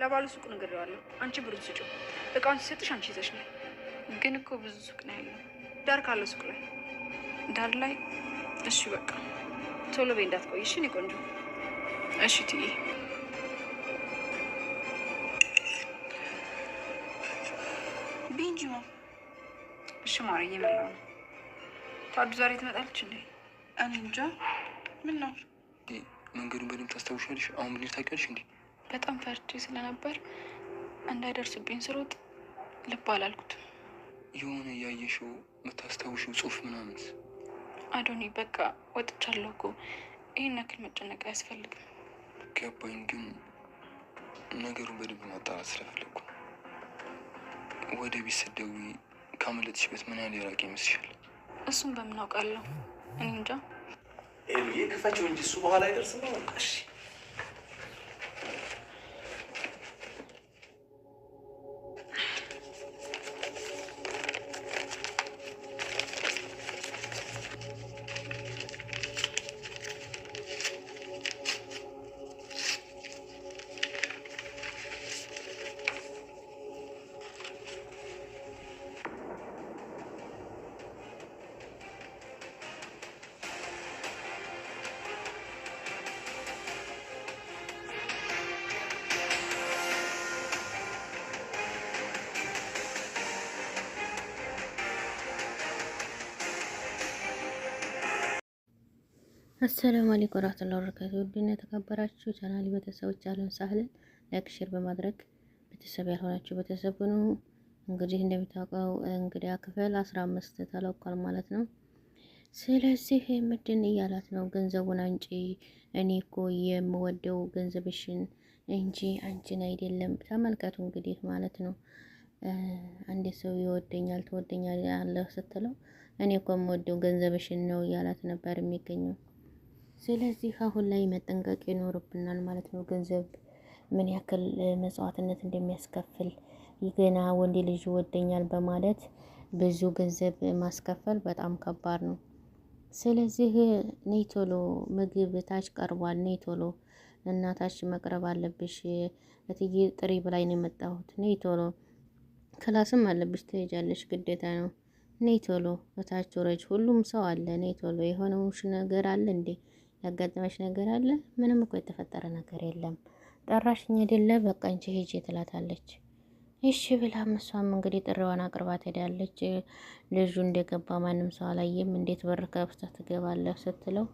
ለባለ ሱቅ ነግሬዋለሁ። አንቺ ብሩን ስጪው፣ እቃውን ሲሰጥሽ አንቺ ይዘሽ ነው። ግን እኮ ብዙ ሱቅ ነው ያለው። ዳር ካለው ሱቅ ላይ ዳር ላይ። እሺ በቃ ቶሎ በይ እንዳትቆይሽ፣ እኔ ቆንጆ። እሺ ትዬ ቢንጂማ። እሺ ማር፣ እየመላው ነው። ታዱ ዛሬ ትመጣለች እንዴ? እኔ እንጃ። ምን ነው መንገዱን በደንብ ታስታውሻለሽ? አሁን ምን ታውቂያለሽ እንዴ? በጣም ፈርቼ ስለነበር እንዳይደርሱብኝ ስሮጥ ልብ አላልኩትም። የሆነ ያየሽው የምታስታውሽው ጽሑፍ ምናምን አዶኒ፣ በቃ ወጥቻለሁ እኮ ይህን ያክል መጨነቅ አያስፈልግም። ገባኝ፣ ግን ነገሩን በደንብ ማጣራት ስለፈለግኩ ወደ ቤት ስትደውይ ካመለጥሽበት ምን ያህል የራቅ ይመስልሻል? እሱን በምን አውቃለሁ? እኔ እንጃ። ክፈችው እንጂ እሱ በኋላ አይደርስም። እሺ አሰላሙ አለይኩም ወራህመቱላሂ ወበረካቱህ። ውድና የተከበራችሁ ቻናል ቤተሰቦች አለን ሳህልን ላይክ፣ ሼር በማድረግ ቤተሰብ ያልሆናችሁ ቤተሰብ ሁኑ። እንግዲህ እንደሚታወቀው እንግዲያ ክፍል አስራ አምስት ተለቋል ማለት ነው። ስለዚህ ምንድን እያላት ነው? ገንዘቡን አንጪ፣ እኔ እኮ የምወደው ገንዘብሽን እንጂ አንቺን አይደለም። ተመልከቱ እንግዲህ ማለት ነው። አንድ ሰው ይወደኛል ትወደኛለህ ስትለው እኔ እኮ የምወደው ገንዘብሽን ነው እያላት ነበር የሚገኘው ስለዚህ አሁን ላይ መጠንቀቅ ይኖርብናል ማለት ነው። ገንዘብ ምን ያክል መስዋዕትነት እንደሚያስከፍል ገና ወንድ ልጅ ይወደኛል በማለት ብዙ ገንዘብ ማስከፈል በጣም ከባድ ነው። ስለዚህ ነይ ቶሎ ምግብ ታች ቀርቧል፣ ነይ ቶሎ እናታች መቅረብ አለብሽ እትዬ ጥሪ ብላኝ ነው የመጣሁት፣ ነይ ቶሎ ክላስም አለብሽ ትሄጃለሽ፣ ግዴታ ነው፣ ነይ ቶሎ እታች ውረጅ፣ ሁሉም ሰው አለ፣ ነይ ቶሎ የሆነውሽ ነገር አለ እንዴ ያጋጠመች ነገር አለ? ምንም እኮ የተፈጠረ ነገር የለም። ጠራሽኝ አይደለ? በቃ እንጂ ሂጂ ትላታለች። እሺ ብላ እሷም እንግዲህ ጥሪዋን አቅርባ ትሄዳለች። ልጁ እንደገባ ማንም ሰው አላየም። እንዴት በር ከፍተህ ትገባለህ ስትለው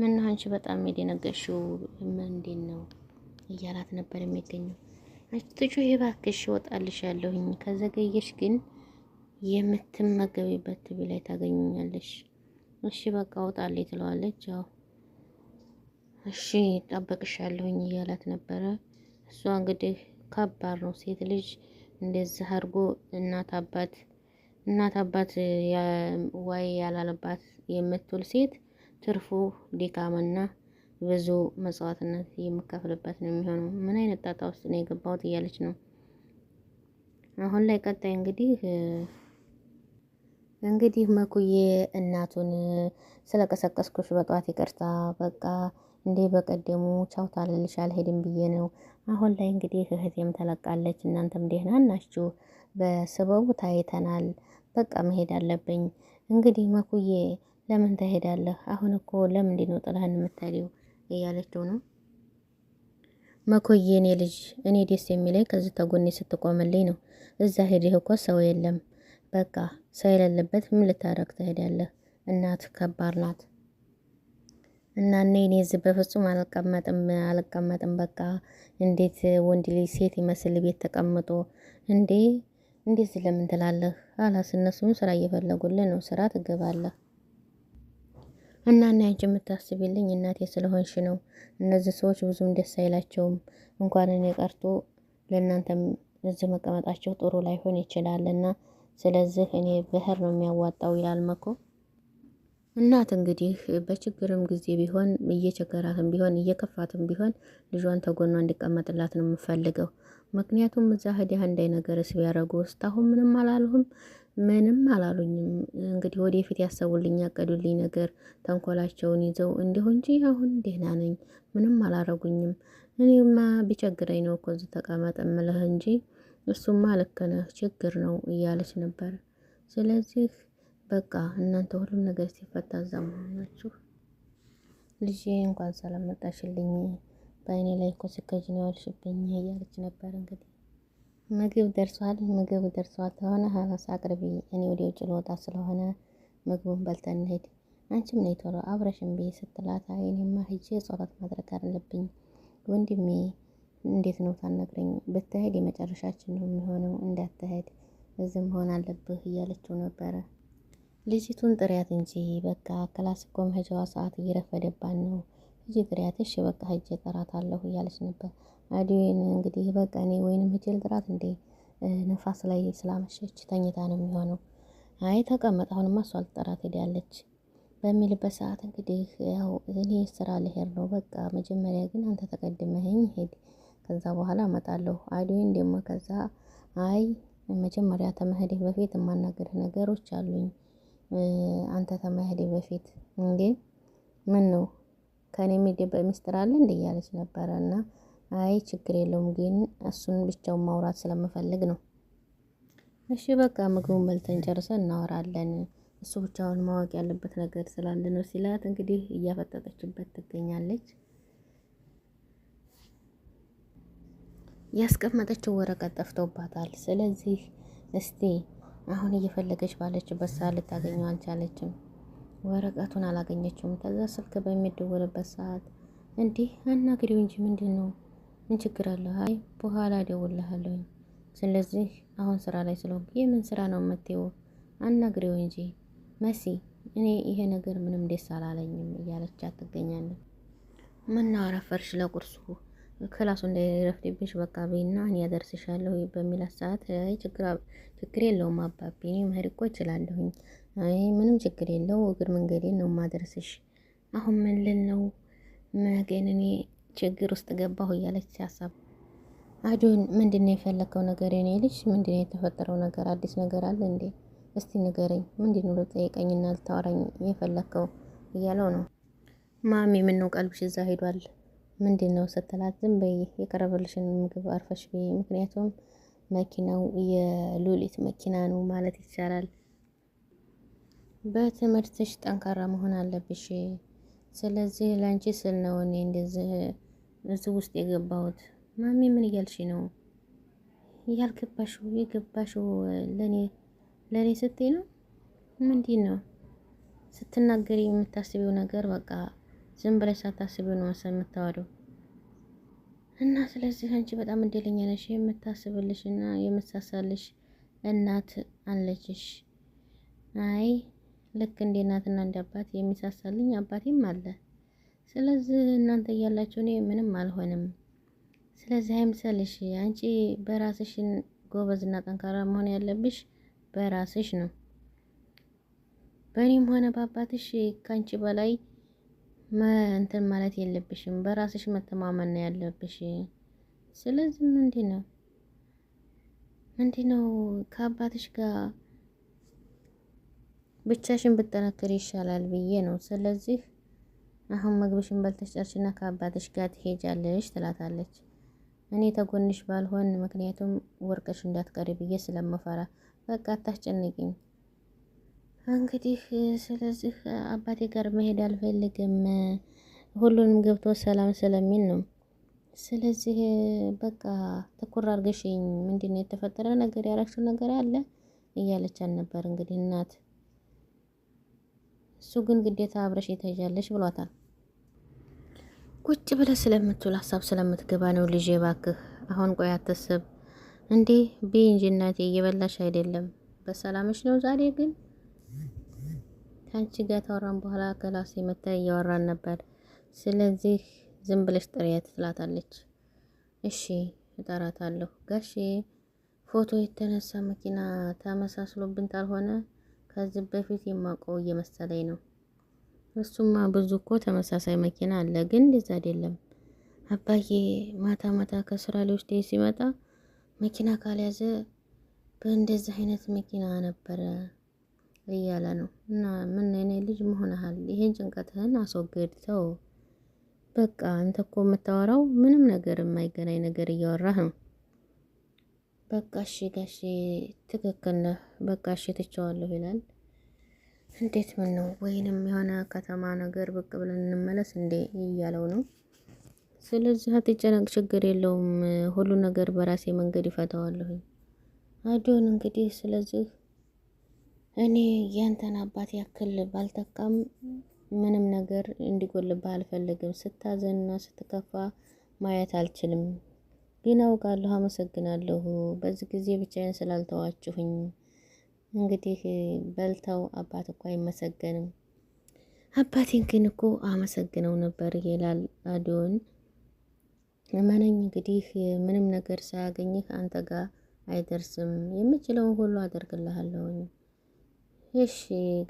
ምን አንቺ በጣም የደነገሽው እንዴት ነው እያላት ነበር የሚገኘው። ትጩ እባክሽ ወጣልሽ ያለሁኝ ከዘገየሽ ግን የምትመገቢበት ትቢ ላይ ታገኙኛለሽ። እሺ በቃ ወጣልኝ ትለዋለች። ያው እሺ ጠበቅሻለሁኝ እያላት ነበረ። እሷ እንግዲህ ከባድ ነው ሴት ልጅ እንደዚህ አድርጎ እናት አባት እናት አባት ዋይ ያላለባት የምትውል ሴት ትርፉ ድካምና ብዙ መጽዋትነት የምከፍልበት ነው የሚሆነው። ምን አይነት ጣጣ ውስጥ ነው የገባሁት እያለች ነው አሁን ላይ። ቀጣይ እንግዲህ እንግዲህ መኩዬ እናቱን ስለቀሰቀስኩሽ በጠዋት ይቅርታ በቃ እንዴ በቀደሙ ቻው ታልልሽ አልሄድም ብዬ ነው። አሁን ላይ እንግዲህ እህቴም ተለቃለች፣ እናንተም ደህና ናችሁ? በስበቡ ታይተናል። በቃ መሄድ አለብኝ። እንግዲህ መኩዬ ለምን ትሄዳለህ? አሁን እኮ ለምንድን ነው ጥላህን እያለችው ነው መኩዬ። እኔ ልጅ እኔ ደስ የሚለኝ ከዚህ ተጎኔ ስትቆምልኝ ነው። እዛ ሄደህ እኮ ሰው የለም። በቃ ሰው የሌለበት ምን ልታረግ ትሄዳለህ? እናት ከባድ ናት። እና እኔ እኔ እዚህ በፍጹም አልቀመጥም አልቀመጥም። በቃ እንዴት ወንድ ልጅ ሴት ይመስል ቤት ተቀምጦ እንዴ! እንዴት ለምን ትላለህ? አላስ እነሱም ስራ እየፈለጉልን ነው፣ ስራ ትገባለህ። እና እና አንቺ የምታስቢልኝ እናቴ ስለሆንሽ ነው። እነዚህ ሰዎች ብዙም ደስ አይላቸውም። እንኳን እኔ ቀርቶ ለእናንተም እዚህ መቀመጣቸው ጥሩ ላይሆን ይችላል። እና ስለዚህ እኔ ብህር ነው የሚያዋጣው ይላል መኮ እናት እንግዲህ በችግርም ጊዜ ቢሆን እየቸገራትም ቢሆን እየከፋትም ቢሆን ልጇን ተጎኗ እንዲቀመጥላት ነው የምፈልገው። ምክንያቱም እዛ ህዲያ አንዳይ ነገር ስ ቢያደረጉ ውስጥ አሁን ምንም አላሉም፣ ምንም አላሉኝም። እንግዲህ ወደፊት ያሰቡልኝ ያቀዱልኝ ነገር ተንኮላቸውን ይዘው እንዲሁ እንጂ አሁን ደህና ነኝ፣ ምንም አላረጉኝም። እኔማ ቢቸግረኝ ነው እኮ እዚህ ተቀመጥ እምልህ እንጂ እሱማ ልክ ነህ ችግር ነው እያለች ነበር። ስለዚህ በቃ እናንተ ሁሉም ነገር ሲፈታ እዛ መሆናችሁ። ልጄ እንኳን ሰላም መጣሽልኝ፣ በአይኔ ላይ እኮ ስከጅ ነው ያልሽብኝ እያለች ነበር። እንግዲህ ምግብ ደርሷል፣ ምግብ ደርሷል ከሆነ ሀረስ አቅርቢ፣ እኔ ወደ ውጭ ልወጣ ስለሆነ ምግቡን በልተን እንሂድ፣ አንቺም ነይ ቶሎ አብረሽን ብዬ ስትላት፣ አይኔማ ሂጄ ጸሎት ማድረግ አለብኝ ወንድሜ እንዴት ነው ታነግረኝ? ብትሄድ የመጨረሻችን ነው የሚሆነው፣ እንዳትሄድ እዚህም መሆን አለብህ እያለችው ነበረ። ልጅቱን ጥሪያት እንጂ በቃ ክላስ መሄጃዋ ሰዓት እየረፈደባን ነው። ልጅ ጥሪያት፣ እሺ በቃ ጥራት አለሁ እያለች ነበር። አዲን እንግዲህ በቃ እኔ ወይንም ሂጄ ልጥራት እንዴ? ነፋስ ላይ ስላመሸች ተኝታ ነው የሚሆነው። አይ ተቀመጥ፣ አሁንማ እሷ ልጠራት ሄዳለች በሚልበት ሰዓት እንግዲህ ያው እኔ ስራ ልሄድ ነው። በቃ መጀመሪያ ግን አንተ ተቀድመህኝ ሄድ፣ ከዛ በኋላ እመጣለሁ። አድዌን ደግሞ ከዛ አይ መጀመሪያ ተመሄድህ በፊት የማናገርህ ነገሮች አሉኝ አንተ ከመሄዴ በፊት እንዴ ምን ነው ከኔ የሚደበቅ ሚስጥር አለ እንዴ እያለች ነበረ። እና አይ ችግር የለውም ግን እሱን ብቻውን ማውራት ስለምፈልግ ነው። እሺ በቃ ምግቡን በልተን ጨርሰን እናወራለን። እሱ ብቻውን ማወቅ ያለበት ነገር ስላለ ነው ሲላት እንግዲህ እያፈጠጠችበት ትገኛለች። ያስቀመጠችው ወረቀት ጠፍቶባታል። ስለዚህ እስቲ አሁን እየፈለገች ባለችበት ሰዓት ልታገኘው አልቻለችም። ወረቀቱን አላገኘችውም። ከዛ ስልክ በሚደወልበት ሰዓት እንዲህ አናግሪው እንጂ ምንድን ነው? ምን ችግር አለው? አይ በኋላ እደውልልሃለሁ። ስለዚህ አሁን ስራ ላይ ስለሆንኩ የምን ስራ ነው የምትይው? አናግሪው እንጂ መሲ፣ እኔ ይሄ ነገር ምንም ደስ አላለኝም እያለች ትገኛለች። ምነው አረፈርሽ ለቁርሱ ክላሱ እንዳይረፍድብሽ በቃ በይና እኔ ያደርስሻለሁ በሚላት ሰዓት ችግር የለውም አባቢ እኔ መሄድ እኮ እችላለሁኝ፣ ምንም ችግር የለው እግር መንገዴን ነው ማደርስሽ። አሁን ምን ልል ነው መገን እኔ ችግር ውስጥ ገባሁ እያለች ሲያሳብ አዶን፣ ምንድን ነው የፈለከው ነገር የኔ ልጅ? ምንድን ነው የተፈጠረው ነገር? አዲስ ነገር አለ እንዴ? እስቲ ንገረኝ። ምንድን ነው ልጠይቀኝና ልታወራኝ የፈለከው? እያለው ነው ማሚ። ምነው ቀልብሽ እዛ ሄዷል? ምንድን ነው ስትላት፣ ዝም በይ የቀረበልሽን ምግብ አርፈሽ ብይ፣ ምክንያቱም መኪናው የሉሊት መኪና ነው ማለት ይቻላል። በትምህርትሽ ጠንካራ መሆን አለብሽ። ስለዚህ ለአንቺ ስል ነው እኔ እንደዚህ እዚህ ውስጥ የገባሁት። ማሚ ምን እያልሽ ነው? ያልገባሽው የገባሽው ለእኔ ለእኔ ስትይ ነው። ምንድን ነው ስትናገሪ የምታስቢው ነገር በቃ ዝም ብለሽ ሳታስቢው ነው መሰል የምታወሪው እና ስለዚህ አንቺ በጣም እድለኛ ነሽ። የምታስብልሽ እና የምሳሳልሽ እናት አለችሽ። አይ ልክ እንደ እናትና እንደ አባት የሚሳሳልኝ አባቴም አለ። ስለዚህ እናንተ እያላችሁ እኔ ምንም አልሆንም። ስለዚህ አይምሰልሽ። አንቺ በራስሽን ጎበዝና ጠንካራ መሆን ያለብሽ በራስሽ ነው። በእኔም ሆነ በአባትሽ ከአንቺ በላይ እንትን ማለት የለብሽም። በራስሽ መተማመን ነው ያለብሽ። ስለዚህ ምንድን ነው ምንድን ነው ከአባትሽ ጋር ብቻሽን ብጠናከር ይሻላል ብዬ ነው። ስለዚህ አሁን ምግብሽን በልተሽ ጨርሽና ከአባትሽ ጋር ትሄጃለሽ ትላታለች። እኔ ተጎንሽ ባልሆን ምክንያቱም ወርቀሽ እንዳትቀሪ ብዬ ስለምፈራ በቃ አታስጨንቂኝ። እንግዲህ ስለዚህ አባቴ ጋር መሄድ አልፈልግም፣ ሁሉንም ገብቶ ሰላም ስለሚል ነው። ስለዚህ በቃ ትኩር አድርገሽኝ ምንድን ነው የተፈጠረ ነገር ያረግሽው ነገር አለ እያለቻት ነበር። እንግዲህ እናት እሱ ግን ግዴታ አብረሽ የተያለሽ ብሏታል። ቁጭ ብለ ስለምትውል ሀሳብ ስለምትገባ ነው። ልጄ ባክህ አሁን ቆይ አታስብ እንዴ ቢ እንጂ እናቴ እየበላሽ አይደለም። በሰላምሽ ነው ዛሬ ግን ከአንቺ ጋር ታወራን በኋላ ከላስ የመታ እያወራን ነበር። ስለዚህ ዝም ብለሽ ጥሪያት ትላታለች። እሺ እጠራታለሁ። ጋሼ ፎቶ የተነሳ መኪና ተመሳስሎብን ካልሆነ ከዚህ በፊት የማውቀው እየመሰለኝ ነው። እሱማ ብዙ እኮ ተመሳሳይ መኪና አለ፣ ግን እንደዛ አይደለም። አባዬ ማታ ማታ ከስራ ሊወስድ ሲመጣ መኪና ካልያዘ በእንደዚህ አይነት መኪና ነበረ እያለ ነው እና ምን የኔ ልጅ መሆንሃል? ይሄን ጭንቀትህን አስወግድ ተው በቃ አንተ እኮ የምታወራው ምንም ነገር የማይገናኝ ነገር እያወራህ ነው። በቃ እሺ ጋሺ ትክክል ነህ፣ በቃ እሺ ትቸዋለሁ ይላል። እንዴት ምን ነው ወይንም የሆነ ከተማ ነገር ብቅ ብለን እንመለስ እንዴ እያለው ነው። ስለዚህ አትጨነቅ፣ ችግር የለውም ሁሉ ነገር በራሴ መንገድ ይፈታዋለሁ። አዶን እንግዲህ ስለዚህ እኔ ያንተን አባት ያክል ባልተካም ምንም ነገር እንዲጎልብህ አልፈልግም። ስታዘንና ስትከፋ ማየት አልችልም፣ ግን አውቃለሁ። አመሰግናለሁ በዚህ ጊዜ ብቻዬን ስላልተዋችሁኝ። እንግዲህ በልተው አባት እኮ አይመሰገንም። አባቴን ግን እኮ አመሰግነው ነበር ይላል አዶን። እመነኝ እንግዲህ ምንም ነገር ሳያገኝህ አንተ ጋር አይደርስም። የምችለውን ሁሉ አደርግልሃለሁኝ። እሺ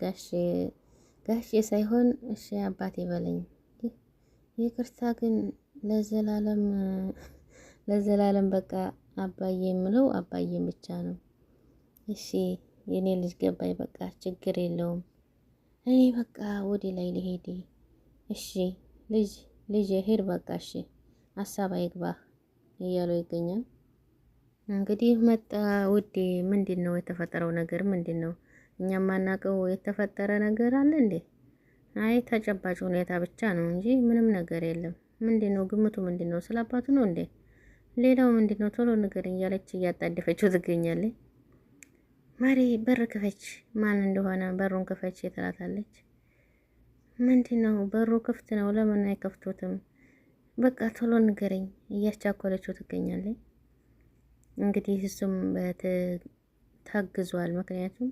ጋሼ ጋሼ ሳይሆን እሺ አባቴ በለኝ። ይቅርታ ግን ለዘላለም ለዘላለም በቃ አባዬ የምለው አባዬም ብቻ ነው። እሺ የኔ ልጅ ገባኝ። በቃ ችግር የለውም። እኔ በቃ ወደ ላይ ልሄድ። እሺ ልጅ ልጅ ሄድ በቃ እሺ፣ ሀሳብ አይግባህ እያለው ይገኛል። እንግዲህ መጣ ውዴ፣ ምንድን ነው የተፈጠረው ነገር ምንድን ነው? እኛ ማናቀው የተፈጠረ ነገር አለ እንዴ? አይ ተጨባጭ ሁኔታ ብቻ ነው እንጂ ምንም ነገር የለም። ነው? ግምቱ? ምንድነው ስለ አባቱ ነው እንዴ? ሌላው ምንድነው? ቶሎ ነገር እያለች እያጣደፈችው ትገኛለች። ማሪ በር ክፈች፣ ማን እንደሆነ በሩን ክፈች ትላታለች። ምንድነው በሩ ክፍት ነው፣ ለምን አይከፍቶትም? በቃ ቶሎ ንገረኝ እያስቻኮለችው ትገኛለች። እንግዲህ እሱም ታግዟል። ምክንያቱም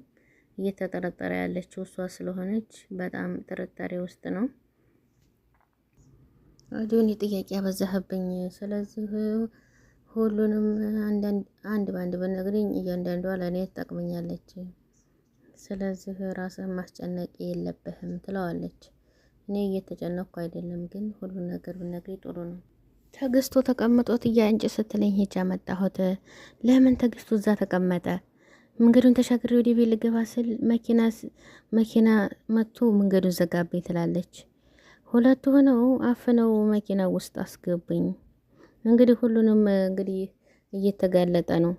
እየተጠረጠረ ያለችው እሷ ስለሆነች በጣም ጥርጣሬ ውስጥ ነው። አዲሁን ጥያቄ ያበዛህብኝ። ስለዚህ ሁሉንም አንድ በአንድ ብነግርኝ እያንዳንዷ ለእኔ ትጠቅመኛለች። ስለዚህ ራስህን ማስጨነቅ የለብህም ትለዋለች። እኔ እየተጨነቅኩ አይደለም፣ ግን ሁሉን ነገር ብነግሪ ጥሩ ነው። ትዕግስቱ ተቀምጦት እያንጭ ስትለኝ ሄጃ መጣሁት። ለምን ትዕግስቱ እዛ ተቀመጠ? መንገዱን ተሻግሬ ወደ ቤት ልገባ ስል መኪና መጥቶ መንገዱን ዘጋቤ ትላለች። ሁለቱ ሆነው አፍነው መኪና ውስጥ አስገቡኝ። እንግዲህ ሁሉንም እንግዲህ እየተጋለጠ ነው።